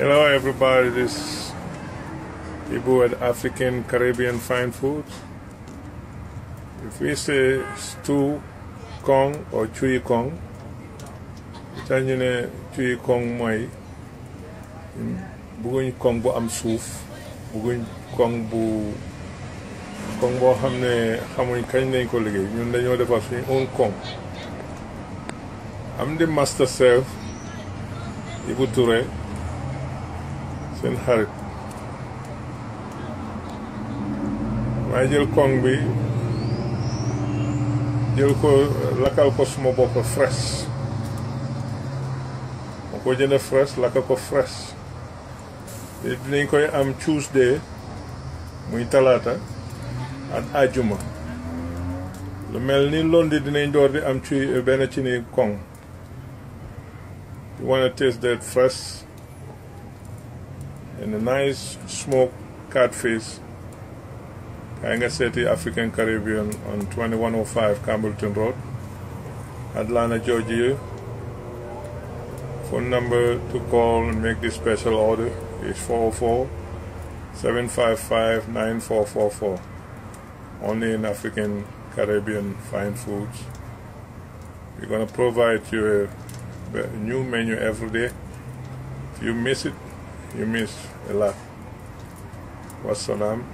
Hello, everybody. This Ibu at African Caribbean Fine Foods. If we say stew kong or chui kong, chanjine chui kong mai, bugun kong bu am suf, bugun kong bu kong bu hamne ne xamuñ kañ lañ ko liggéey ñun dañoo defar suñu un kong. i am the master chef Ibu ture. seen xarit waaye jël koŋ bi jël ko lakkal ko suma bopp fraîche ma ko jënd fraîche lakkal ko fraîche te dinañ koy am Tuesday muy talaata ak àjjuma lu mel ni lundi dinañ door di am ci benn ci ni kong you wanna taste that fresh and a nice smoked catfish, Kainga City African Caribbean on 2105 Campbellton Road, Atlanta, Georgia. Phone number to call and make this special order is 404 755 9444. Only in African Caribbean fine foods. We're going to provide you a new menu every day. If you miss it, you miss a lot. What's name?